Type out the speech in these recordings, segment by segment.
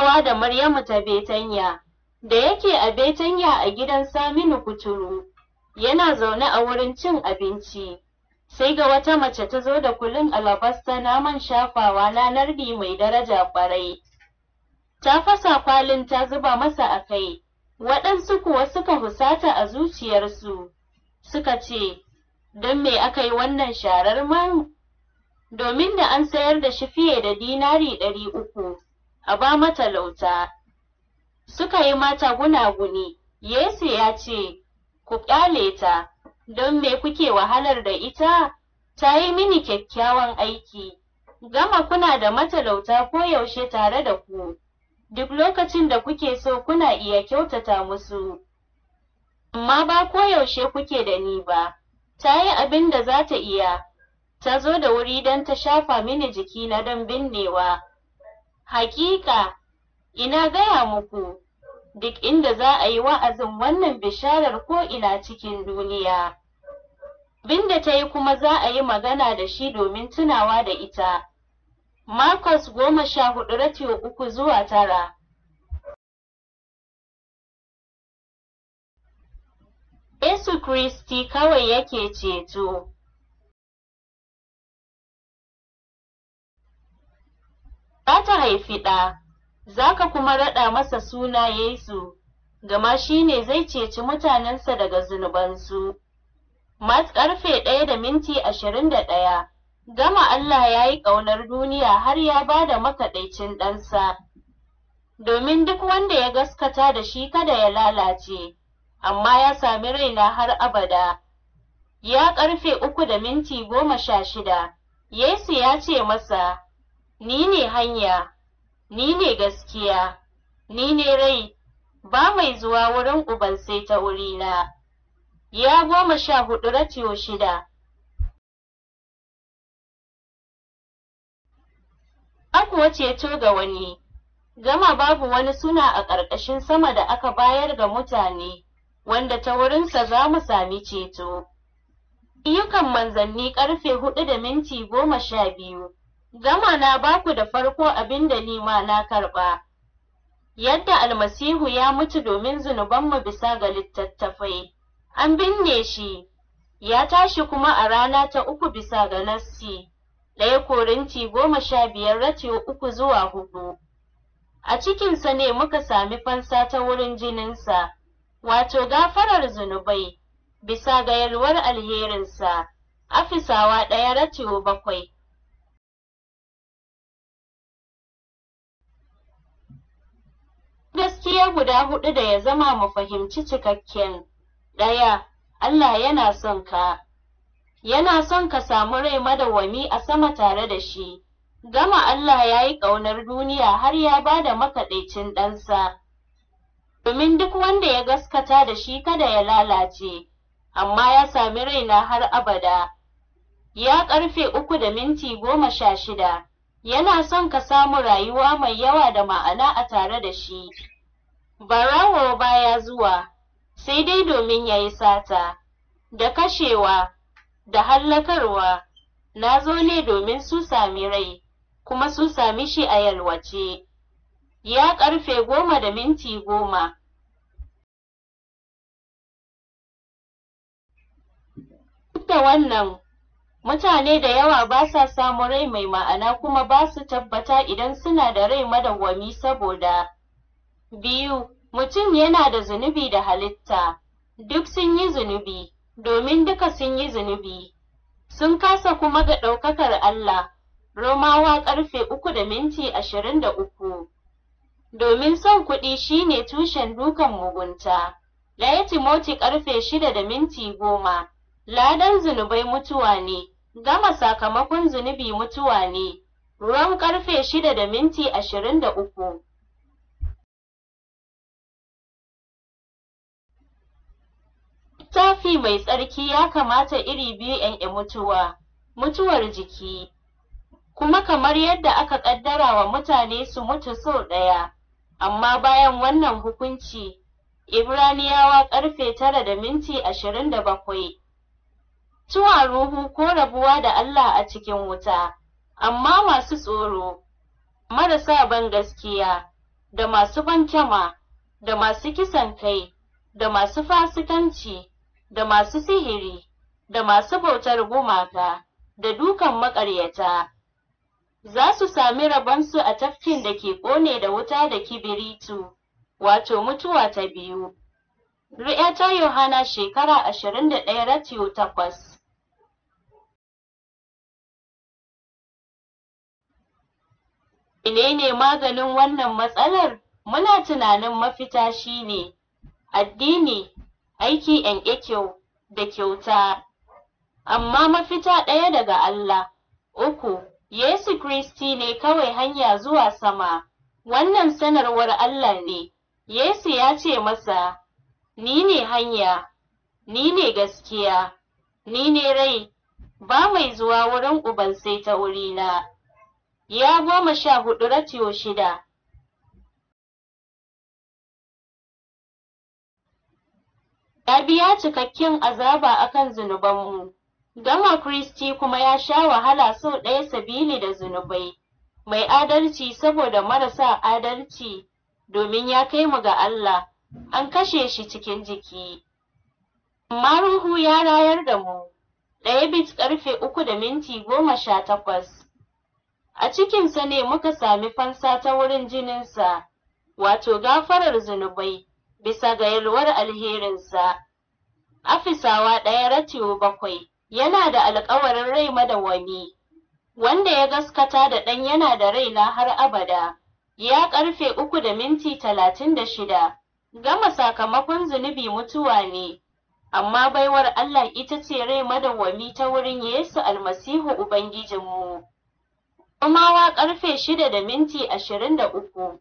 tunawa da Maryamu ta Betanya da yake a Betanya a gidan Saminu Kuturu yana zaune a wurin cin abinci sai ga wata mace ta zo da kulin alabasta man shafawa na nardi mai daraja kwarai ta fasa kwalin ta zuba masa a kai waɗansu kuwa suka husata a zuciyarsu suka ce don me aka yi wannan sharar man domin da an sayar da shi fiye da dinari ɗari uku a ba matalauta. Suka yi mata gunaguni, Yesu ya ce, Ku ƙyale ta, don me kuke wahalar da ita? Ta yi mini kyakkyawan aiki, gama kuna da matalauta ko yaushe tare da ku, duk lokacin da kuke so kuna iya kyautata musu. Amma ba koyaushe kuke da ni ba, ta yi abin da za ta iya, ta zo da wuri don ta shafa mini jiki na don binnewa. Hakika, ina gaya muku, duk inda za a yi wa'azin wannan bisharar ko'ina cikin duniya. Binda ta yi kuma za a yi magana da shi domin tunawa da ita. Markus goma sha hudu ratiyo uku zuwa tara. Yesu Kristi kawai yake ceto. Za ta haifi ɗa, za ka kuma raɗa masa suna Yesu, gama shi ne zai ceci mutanensa daga zunubansu. Mat ƙarfe ɗaya da minti ashirin da ɗaya, gama Allah ya yi ƙaunar duniya har ya ba da makaɗaicin ɗansa. Domin duk wanda ya gaskata da shi kada ya lalace, amma ya sami raina har abada. Ya ƙarfe uku da minti goma sha shida, Yesu ya ce masa, ni ne hanya, ni ne gaskiya, ni ne rai, ba mai zuwa wurin uban sai ta wurina. Ya goma sha hudu ratiyo shida. Akuwa ceto ga wani, gama babu wani suna a ƙarƙashin sama da aka bayar ga mutane, wanda ta wurinsa za mu sami ceto. Iyukan manzanni ƙarfe hudu da minti goma sha biyu. Gama na baku da farko abin da ni ma na karɓa. Yadda almasihu ya mutu domin zunubanmu bisa ga littattafai, an binne shi, ya tashi kuma a rana ta uku bisa ga nassi, ɗaya korinti goma sha biyar ratio uku zuwa hudu. A cikinsa ne muka sami fansa ta wurin jininsa, wato gafarar zunubai, bisa ga yalwar alherinsa, afisawa ɗaya ratio bakwai. gaskiya guda hudu da ya zama mu fahimci cikakken ɗaya Allah yana son ka yana son ka samu rai madawwami a sama tare da shi gama Allah ya yi ƙaunar duniya har ya ba da makaɗaicin ɗansa domin duk wanda ya gaskata da shi kada ya lalace amma ya sami raina har abada ya karfe uku da minti goma sha shida yana son ka samu rayuwa mai yawa da ma'ana a tare da shi. Barawo baya zuwa, sai dai domin ya yi sata, da kashewa, da hallakarwa, na zo ne domin su sami rai, kuma su sami shi a yalwace. Ya ƙarfe goma da minti goma. Duk da wannan Mutane da yawa ba sa samun rai mai ma'ana kuma ba su tabbata idan suna da rai madawwami saboda biyu mutum yana da zunubi da halitta duk sun yi zunubi domin duka sun yi zunubi sun kasa kuma ga ɗaukakar Allah Romawa ƙarfe uku da minti ashirin da uku domin son kuɗi shine tushen dukan mugunta ɗaya Timoti ƙarfe shida da minti goma ladan zunubai mutuwa ne gama sakamakon zunubi mutuwa ne. Ruwan ƙarfe shida da minti ashirin da uku. Littafi mai tsarki ya kamata iri biyu ‘yan'ya mutuwa, mutuwar jiki, kuma kamar yadda aka ƙaddara wa mutane su mutu sau ɗaya, amma bayan wannan hukunci, Ibraniyawa ƙarfe tara da minti ashirin da bakwai. tuwa ruhu ko rabuwa da Allah a cikin wuta, amma masu tsoro, marasa ban gaskiya, da masu ban kyama, da masu kisan kai, da masu fasikanci, da masu sihiri, da masu bautar gumaka, da dukan maƙaryata. Za su sami rabonsu a tafkin da ke ƙone da wuta da kibiritu, wato mutuwa ta biyu. Ri'atar Yohana shekara ashirin da ɗaya ratiyo takwas. menene maganin wannan matsalar muna tunanin mafita shine addini aiki kyau da kyauta amma mafita ɗaya daga Allah uku Yesu Kristi ne kawai hanya zuwa sama wannan sanarwar Allah ne Yesu ya ce masa ni ne hanya ni ne gaskiya ni ne rai ba mai zuwa wurin uban sai ta wurina Ya goma sha huɗu ratio shida. Ya biya cikakken azaba akan zunubanmu. Gama kristi kuma ya sha wahala sau ɗaya sabili da zunubai, mai adalci saboda marasa adalci, domin ya kai mu ga Allah, an kashe shi cikin jiki. Amma Ruhu ya rayar da mu, ɗaya bit ƙarfe uku da minti goma sha takwas. a cikinsa ne muka sami fansa ta wurin jininsa, wato gafarar zunubai, bisa ga yalwar alherinsa. Afisawa ɗaya ratiyo bakwai yana da alkawarin rai madawwami, wanda ya gaskata da ɗan yana da raina har abada, ya ƙarfe uku da minti talatin da shida. Gama sakamakon zunubi mutuwa ne, amma baiwar Allah ita ce rai madawwami ta wurin Yesu almasihu Ubangijinmu. komawa karfe shida da minti ashirin da uku.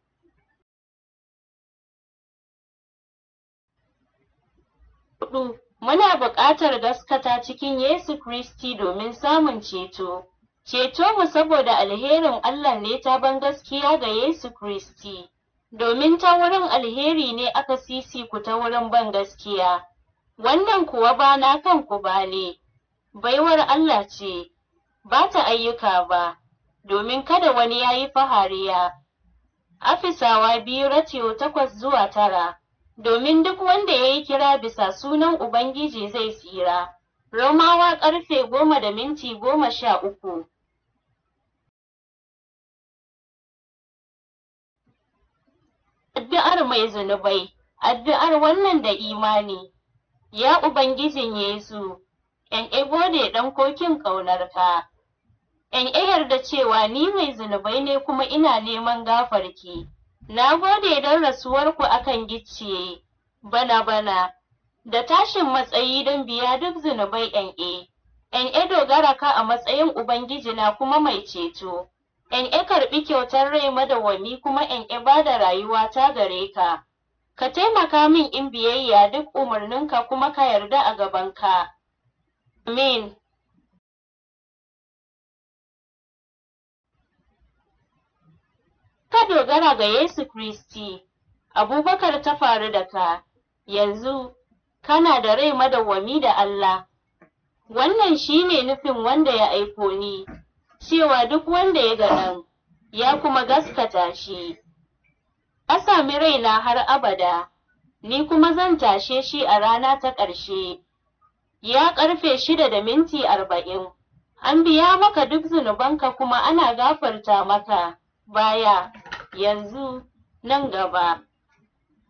Hudu, muna buƙatar gaskata cikin Yesu Kiristi domin samun ceto. Ceto mu saboda alherin Allah ne ta ban gaskiya ga Yesu Kiristi, domin ta wurin alheri ne aka sisi ku ta wurin ban gaskiya. Wannan kuwa ba na kanku ba ne, baiwar Allah ce, ba ta ayyuka ba. domin kada wani ya yi fahariya. Afisawa biyu ratiyo takwas zuwa tara, domin duk wanda ya yi kira bisa sunan Ubangiji zai tsira. Romawa ƙarfe goma da minti goma sha uku. Addu'ar mai zunubai, addu'ar wannan da imani. Ya Ubangijin Yesu, ‘yan ego ne ɗan kokin ƙaunarka. in yarda cewa ni mai zunubai ne kuma ina neman gafarki. Na gode don rasuwarku akan gicciye, bana-bana, da tashin matsayi don biya duk zunubai yan e dogara ka a matsayin ubangiji na kuma mai ceto, e karɓi kyautar rai madawwami kuma ‘yan'e ba da rayuwa ta gare ka. Ka taimaka min in biyayya duk umarninka kuma ka yarda a gabanka. Amin. ka dogara ga Yesu Kiristi, Abubakar ta faru da ka, yanzu kana da rai madawwami da Allah. Wannan shi ne nufin wanda ya aiko ni, cewa duk wanda ya ga nan, ya kuma gaskata shi. A sami raina har abada, ni kuma zan tashe shi a rana ta ƙarshe. Ya ƙarfe shida da minti arba'in, an biya maka duk zunubanka kuma ana gafarta maka baya. yanzu nan gaba.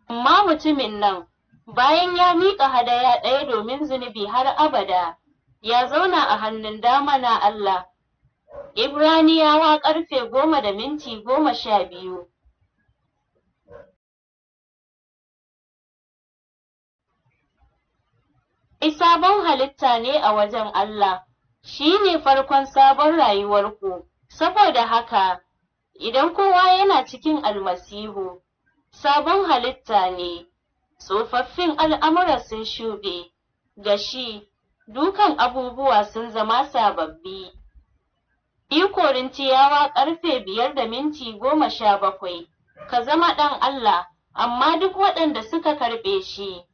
Amma mutumin nan bayan ya miƙa hadaya ɗaya domin zunubi har abada ya zauna a hannun dama na Allah. Ibraniyawa ƙarfe goma da minti goma sha biyu. sabon halitta ne a wajen Allah, shi ne farkon sabon rayuwarku, saboda haka idan kowa yana cikin almasihu sabon halitta ne tsofaffin al'amura sun shuɗe gashi, dukan abubuwa sun zama sababbi biyu korintiyawa ƙarfe biyar da minti goma sha bakwai ka zama ɗan Allah amma duk waɗanda suka karɓe shi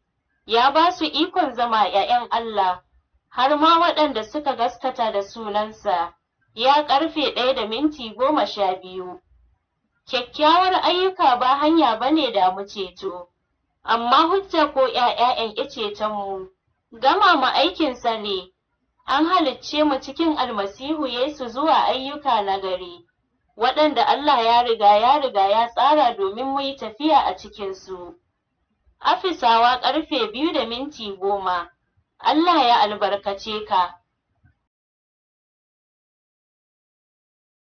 ya ba su ikon zama ‘ya'yan Allah har ma waɗanda suka gaskata da sunansa. ya karfe ɗaya da minti goma sha biyu. Kyakkyawar ayyuka ba hanya ba ne da mu ceto, amma hujja ko ‘ya'ya'yan mu gama mu aikinsa ne, an halicce mu cikin almasihu Yesu zuwa ayyuka na gari, waɗanda Allah ya riga ya riga ya tsara domin mu yi tafiya a cikinsu. Afisawa ƙarfe biyu da minti goma, Allah ya albarkace ka.